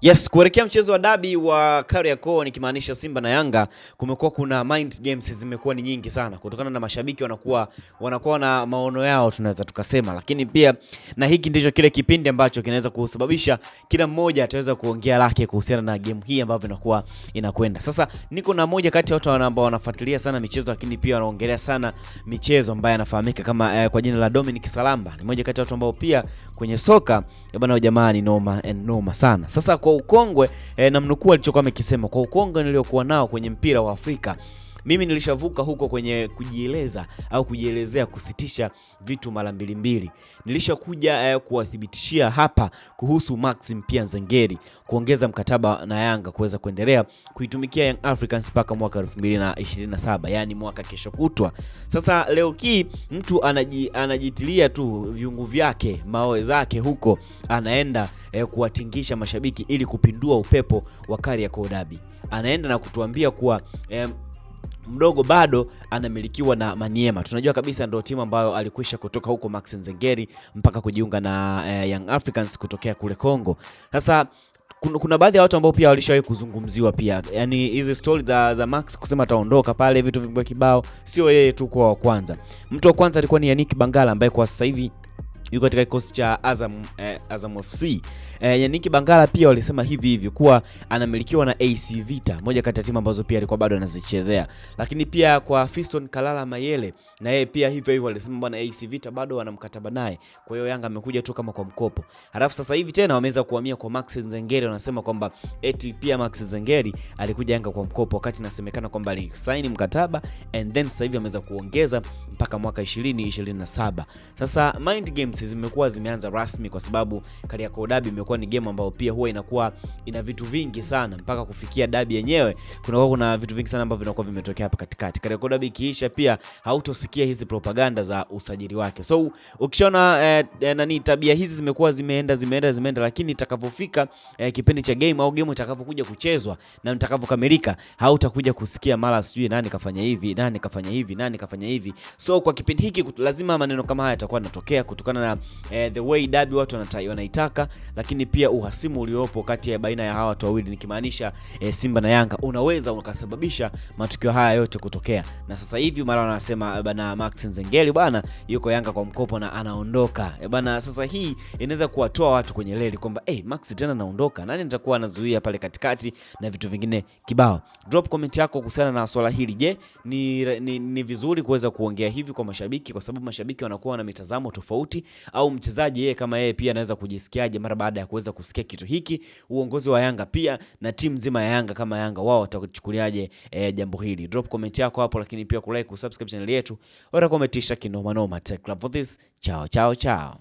Yes, kuelekea mchezo wa dabi wa Kariakoo nikimaanisha Simba na Yanga, kumekuwa kuna mind games zimekuwa ni nyingi sana kutokana na mashabiki wanakuwa wanakuwa na maono yao tunaweza tukasema, lakini pia na hiki ndicho kile kipindi ambacho kinaweza kusababisha kila mmoja ataweza kuongea lake kuhusiana na game hii ambavyo inakuwa inakwenda. Sasa niko na moja kati ya watu ambao wanafuatilia sana michezo, lakini pia wanaongelea sana michezo ambaye anafahamika kama eh, kwa jina la Dominic Salamba. Ni moja kati ya watu ambao pia kwenye soka eh, bwana, jamani noma and eh, noma sana. Sasa kwa ukongwe e, na mnukuu alichokuwa amekisema kwa ukongwe niliokuwa nao kwenye mpira wa Afrika mimi nilishavuka huko kwenye kujieleza au kujielezea kusitisha vitu mara mbili mbili. Nilishakuja eh, kuwathibitishia hapa kuhusu Maxim pia Nzengeri kuongeza mkataba na Yanga kuweza kuendelea kuitumikia Young Africans mpaka mwaka 2027, yani mwaka kesho kutwa. Sasa leo hii mtu anaji, anajitilia tu viungu vyake mawe zake huko anaenda eh, kuwatingisha mashabiki ili kupindua upepo wa Kariakoo Derby. Anaenda na kutuambia kuwa eh, mdogo bado anamilikiwa na Maniema. Tunajua kabisa ndio timu ambayo alikwisha kutoka huko Max Nzengeri mpaka kujiunga na eh, Young Africans kutokea kule Kongo. Sasa kuna, kuna baadhi ya watu ambao pia walishawahi kuzungumziwa pia, yaani hizi story za, za Max kusema ataondoka pale, vitu vingi kibao, sio yeye tu kwa wa kwanza. Mtu wa kwanza alikuwa ni Yannick Bangala ambaye kwa sasa hivi yuko katika kikosi cha Azam, eh, Azam FC. Eh, Yannick Bangala pia walisema hivi hivi kuwa anamilikiwa na AC Vita, moja kati ya timu ambazo pia alikuwa bado anazichezea. Lakini pia kwa Fiston Kalala Mayele na yeye pia hivyo hivyo walisema bwana AC Vita bado wana mkataba naye. Kwa hiyo Yanga amekuja tu kama kwa mkopo. Halafu sasa hivi tena wameweza kuhamia kwa Max Nzengeri wanasema kwamba eti pia Max Nzengeri alikuja Yanga kwa mkopo wakati inasemekana kwamba alisaini mkataba and then sasa hivi ameweza kuongeza mpaka mwaka 2027. Sasa Mind Games games zimekuwa zimeanza rasmi, kwa sababu Kariakoo Derby imekuwa ni game ambayo pia huwa inakuwa ina vitu vingi sana mpaka kufikia dabi yenyewe, kunakuwa kuna vitu vingi sana ambavyo vinakuwa vimetokea hapa katikati. Kariakoo Derby ikiisha, pia hautosikia hizi propaganda za usajili wake. So ukishaona eh, eh, nani tabia hizi zimekuwa zimeenda zimeenda zimeenda, lakini itakapofika eh, kipindi cha game au game itakapokuja kuchezwa na itakapokamilika, hautakuja kusikia mara sijui nani kafanya hivi nani kafanya hivi nani kafanya hivi. So kwa kipindi hiki lazima maneno kama haya yatakuwa yanatokea kutokana na na eh, the way dabi watu wanaitaka, lakini pia uhasimu uliopo kati ya baina ya hawa watu wawili nikimaanisha eh, Simba na Yanga unaweza ukasababisha matukio haya yote kutokea. Na sasa hivi mara wanasema eh, bana Max Nzengeli bwana yuko Yanga kwa mkopo na anaondoka e bana. Sasa hii inaweza kuwatoa watu kwenye leli kwamba hey, eh, Max tena anaondoka, nani nitakuwa anazuia pale katikati na vitu vingine kibao. Drop comment yako kuhusiana na swala hili. Je, ni, ni, ni vizuri kuweza kuongea hivi kwa mashabiki, kwa sababu mashabiki wanakuwa na mitazamo tofauti au mchezaji yeye kama yeye pia anaweza kujisikiaje mara baada ya kuweza kusikia kitu hiki, uongozi wa Yanga pia na timu nzima ya Yanga kama Yanga wao watachukuliaje e, jambo hili. Drop comment yako hapo, lakini pia kulike, subscribe channel yetu, utakometisha kinoma noma. Tech Club for this. Chao chao chao.